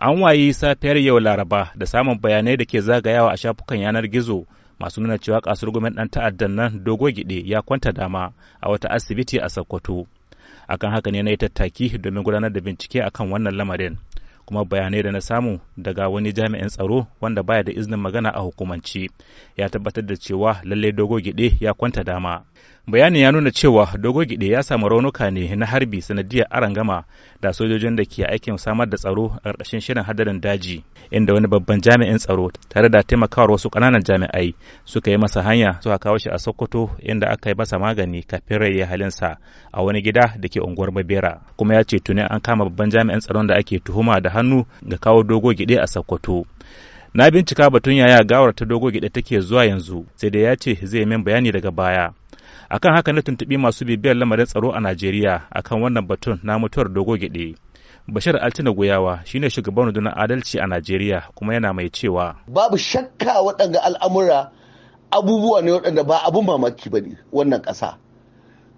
an wayi safiyar yau laraba da samun bayanai da ke zagayawa a shafukan yanar gizo masu nuna cewa kasu gwamnati dan ta'addan nan dogo gide ya kwanta dama a wata asibiti a sokoto akan haka ne na yi tattaki domin gudanar da bincike akan wannan lamarin kuma bayanai da na samu daga wani jami'in tsaro wanda baya da izinin magana a hukumance ya tabbatar da cewa lallai dogo gide ya kwanta dama bayani ya nuna cewa dogo gide ya samu raunuka ne na harbi sanadiyar arangama da sojojin da ke aikin samar da tsaro a ƙarƙashin shirin hadarin daji inda wani babban jami'in tsaro tare da taimakawar wasu ƙananan jami'ai suka yi masa hanya suka kawo shi a sokoto inda aka yi masa magani kafin rai ya halinsa a wani gida da ke unguwar babera kuma ya ce tuni an kama babban jami'in tsaron da ake tuhuma da hannu ga kawo dogo gide a sokoto na bincika batun yaya gawar ta dogo gida take zuwa yanzu sai da ya ce zai min bayani daga baya akan haka na tuntubi masu bibiyar lamarin tsaro a najeriya akan wannan batun na mutuwar dogo gyade bashar altina goyawa shine shugaban rundunar adalci a najeriya kuma yana mai cewa babu shakka waɗanda al'amura abubuwa ne waɗanda ba abun mamaki ba ne wannan ƙasa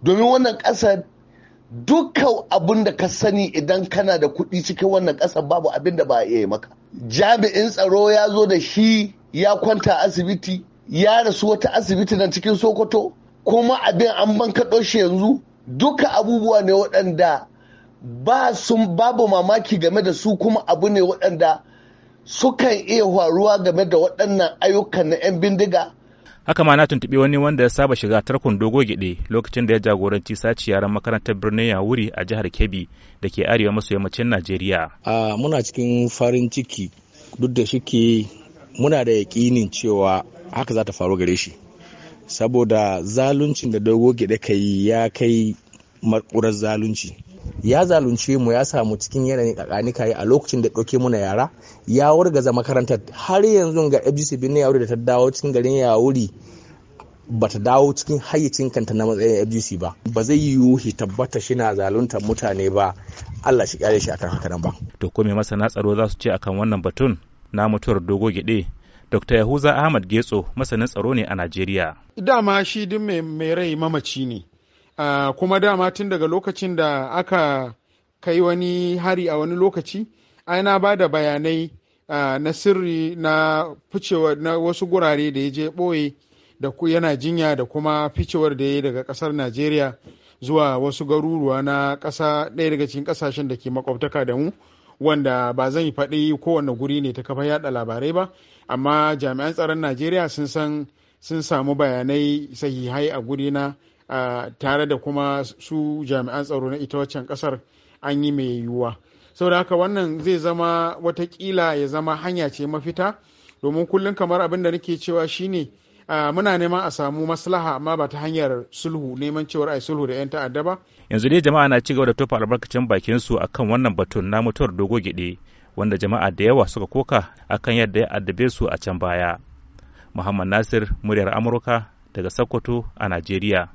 domin wannan ƙasa dukkan abun da ka sani idan kana da kuɗi cikin wannan ƙasa babu abin da ba a iya maka jami'in tsaro ya zo da shi ya kwanta asibiti ya rasu wata asibiti nan cikin sokoto kuma abin an banka shi yanzu duka abubuwa ne waɗanda ba sun babu mamaki game da su kuma abu ne waɗanda sukan iya faruwa game da waɗannan ayyukan na 'yan bindiga. Haka ma na tuntuɓi wani wanda ya saba shiga tarkon dogo gyaɗe lokacin da ya jagoranci saci yaran makarantar birnin Yawuri a jihar Kebbi da ke arewa maso yammacin Najeriya. A muna cikin farin ciki duk da shike muna da yaƙinin cewa haka za ta faru gare shi. saboda zaluncin da dogo gida ka yi ya kai makurar zalunci ya zalunce mu ya samu cikin yanayin kayi a lokacin da ɗauke muna yara ya wargaza makarantar har yanzu ga fgc bin yawuri da ta dawo cikin garin yawuri ba ta dawo cikin hayyacin kanta na matsayin fgc ba ba zai yiwu shi tabbata shi na zaluntar mutane ba allah shi kyale shi akan haka nan ba to ko me masana tsaro za su ce akan wannan batun na mutuwar dogo gide Dr. Yahuza Ahmad Getso masanin tsaro ne a Najeriya. Dama shi duk mai rai mamaci ne. Ah, kuma dama tun daga lokacin da aka kai wani hari a wani lokaci, ana ba da bayanai ah, na sirri na ficewa na wasu gurare da ya je ɓoye da yana jinya da kuma ficewar da ya daga ƙasar Najeriya zuwa wasu garuruwa na ƙasa ɗaya daga cikin ƙasashen da ke makwabtaka da mu. wanda ba zan yi faɗi kowane guri ne ta kafa yada labarai ba amma jami'an tsaron najeriya sun san sun samu bayanai sahihai a guri na tare da kuma su jami'an tsaro na ita waccan kasar an yi mai yiwuwa saboda haka wannan zai zama watakila ya zama hanya ce mafita domin kullum kamar abin da nake cewa shine Ah, muna neman a samu maslaha amma ba ta hanyar sulhu neman cewar ai sulhu da 'yan ta'adda ba yanzu dai jama'a na cigaba da tofa albarkacin bakin su akan wannan batun na mutuwar dogo gidi wanda jama'a da yawa suka koka akan yadda ya addabe su a can baya muhammad nasir muryar amurka daga sokoto a najeriya